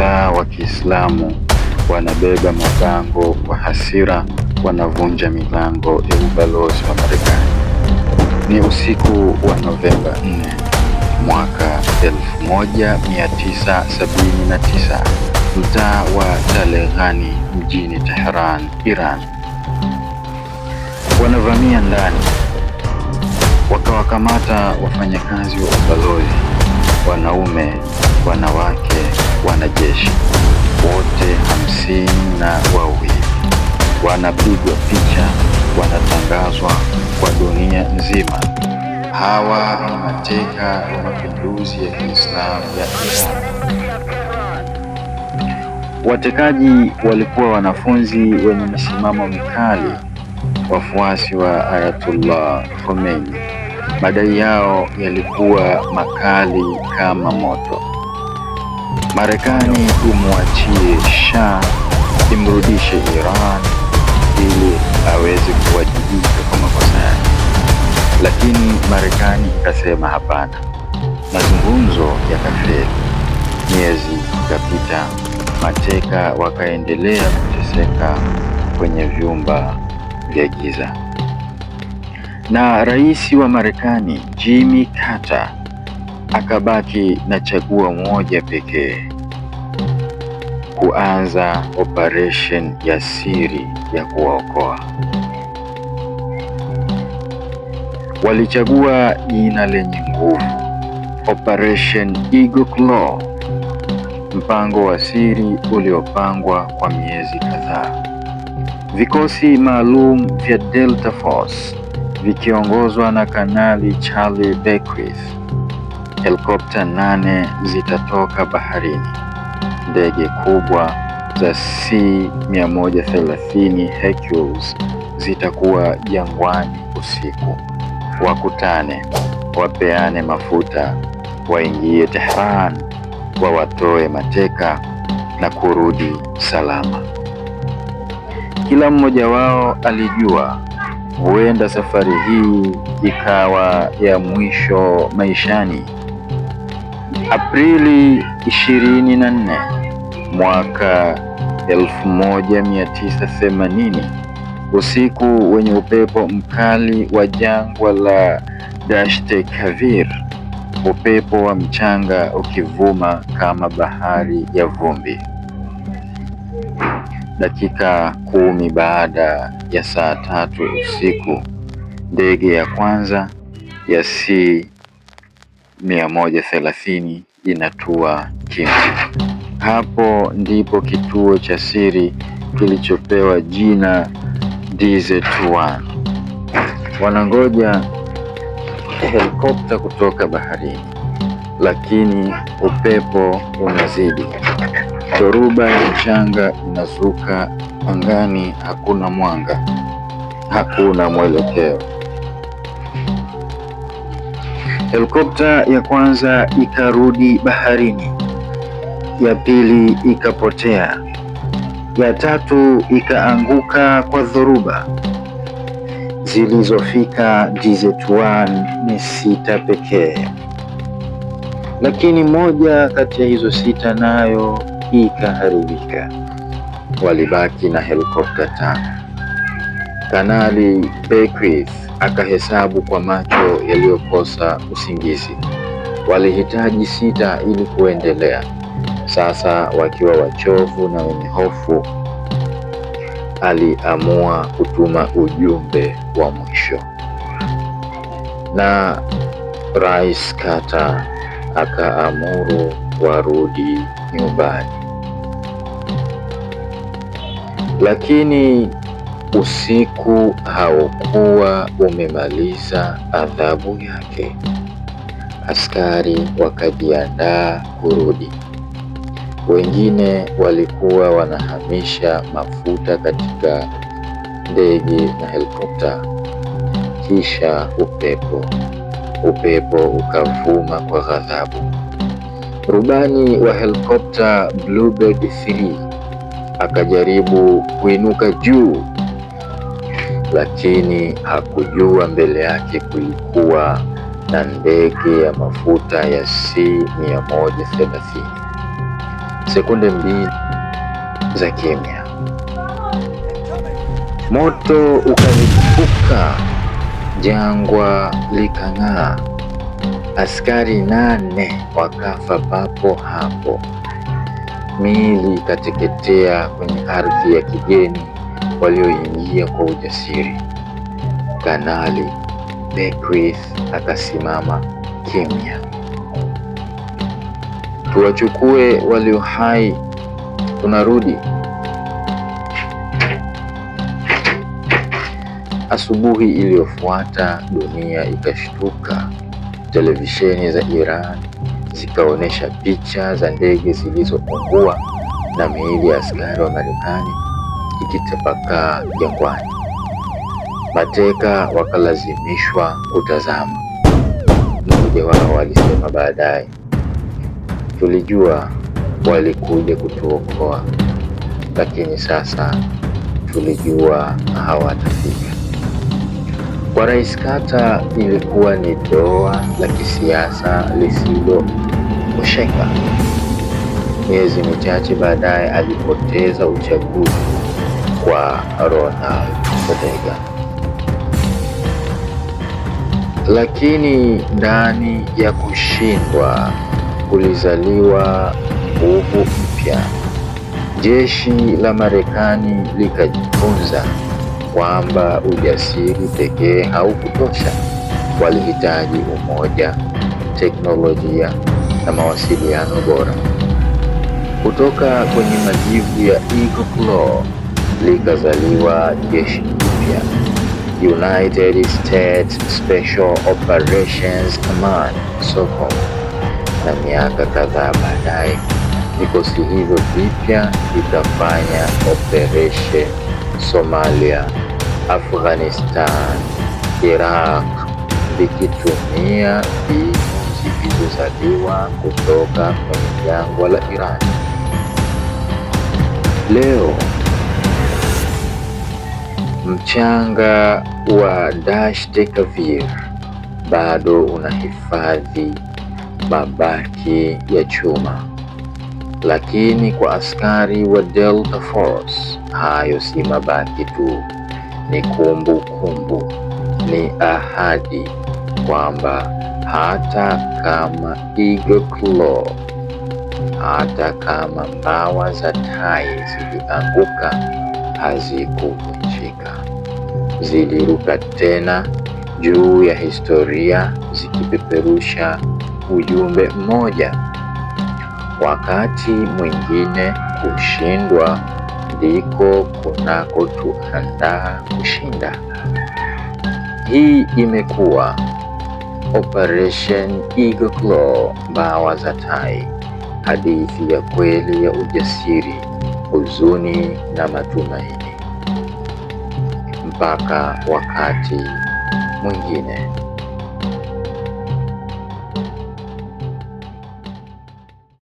kadhaa wa Kiislamu wanabeba mabango kwa hasira wanavunja milango ya ubalozi wa Marekani. Ni usiku wa Novemba 4 mwaka 1979, mtaa wa Taleghani mjini Tehran, Iran. Wanavamia ndani wakawakamata wafanyakazi wa ubalozi wanaume, wanawake, wanajeshi wote hamsini na wawili wanapigwa picha, wanatangazwa kwa dunia nzima. Hawa ni mateka wa mapinduzi ya Kiislamu ya Iran. Watekaji walikuwa wanafunzi wenye misimamo mikali, wafuasi wa Ayatullah Khomeini. Madai yao yalikuwa makali kama moto. Marekani kumwachie Shah, imrudishe Iran ili aweze kuwajibika kwa makosa yake, lakini Marekani ikasema hapana. Mazungumzo yakafeli. Miezi ikapita, mateka wakaendelea kuteseka kwenye vyumba vya giza na rais wa Marekani Jimmy Carter akabaki na chaguo moja pekee: kuanza operation ya siri ya kuwaokoa. Walichagua jina lenye nguvu, Operation Eagle Claw, mpango wa siri uliopangwa kwa miezi kadhaa. Vikosi maalum vya Delta Force vikiongozwa na Kanali Charlie Beckwith. Helikopta nane zitatoka baharini. Ndege kubwa za C130 Hercules zitakuwa jangwani usiku. Wakutane, wapeane mafuta, waingie Tehran, wawatoe mateka na kurudi salama. Kila mmoja wao alijua huenda safari hii ikawa ya mwisho maishani. Aprili 24 mwaka 1980, usiku wenye upepo mkali wa jangwa la Dashte Kavir, upepo wa mchanga ukivuma kama bahari ya vumbi. Dakika kumi baada ya saa tatu usiku ndege ya kwanza ya C 130 inatua Kimbo. Hapo ndipo kituo cha siri kilichopewa jina DZ-1. Wanangoja helikopta kutoka baharini, lakini upepo unazidi Dhoruba ya mchanga inazuka angani, hakuna mwanga, hakuna mwelekeo. Helikopta ya kwanza ikarudi baharini, ya pili ikapotea, ya tatu ikaanguka kwa dhoruba. Zilizofika DZ1 ni sita pekee, lakini moja kati ya hizo sita nayo ikaharibika. Walibaki na helikopta tano. Kanali Beckwith akahesabu kwa macho yaliyokosa usingizi. Walihitaji sita ili kuendelea. Sasa wakiwa wachovu na wenye hofu, aliamua kutuma ujumbe wa mwisho, na Rais Carter akaamuru warudi nyumbani. Lakini usiku haukuwa umemaliza adhabu yake. Askari wakajiandaa kurudi, wengine walikuwa wanahamisha mafuta katika ndege na helikopta. Kisha upepo upepo ukavuma kwa ghadhabu. Rubani wa helikopta Bluebird akajaribu kuinuka juu, lakini hakujua mbele yake kulikuwa na ndege ya mafuta ya C130. Sekunde mbili za kimya, moto ukalipuka, jangwa likang'aa. Askari nane wakafa papo hapo miili ikateketea kwenye ardhi ya kigeni walioingia kwa ujasiri. Kanali Beckwith akasimama kimya. Tuwachukue walio hai, tunarudi. Asubuhi iliyofuata dunia ikashtuka. Televisheni za Iran zikaonyesha picha za ndege zilizopungua na miili ya askari wa Marekani ikitapakaa jangwani. Mateka wakalazimishwa kutazama. Mmoja wao walisema baadaye, tulijua walikuja kutuokoa, lakini sasa tulijua hawatafika. Kwa Rais Kata ilikuwa ni doa la kisiasa lisiloosheka. Miezi michache baadaye alipoteza uchaguzi kwa Ronald Odega, Lakini ndani ya kushindwa kulizaliwa nguvu mpya. Jeshi la Marekani likajifunza kwamba ujasiri pekee haukutosha. Walihitaji umoja, teknolojia na mawasiliano bora. Kutoka kwenye majivu ya Eagle Claw likazaliwa jeshi jipya, United States Special Operations Command SOCOM, na miaka kadhaa baadaye vikosi hivyo vipya vitafanya operesheni Somalia, Afghanistan, Iraq vikitumia spishi zilizozaliwa kutoka kwenye jangwa la iran Leo mchanga wa Dasht Kavir bado unahifadhi mabaki ya chuma, lakini kwa askari wa Delta Force Hayo si mabaki tu, ni kumbukumbu kumbu, ni ahadi kwamba hata kama Eagle Claw, hata kama mbawa za tai zilianguka, hazikuvunjika. Ziliruka tena juu ya historia zikipeperusha ujumbe mmoja: wakati mwingine kushindwa mabadiliko kunakotuandaa kushinda. Hii imekuwa Operation Eagle Claw, mbawa za tai, hadithi ya kweli ya ujasiri, huzuni na matumaini. Mpaka wakati mwingine.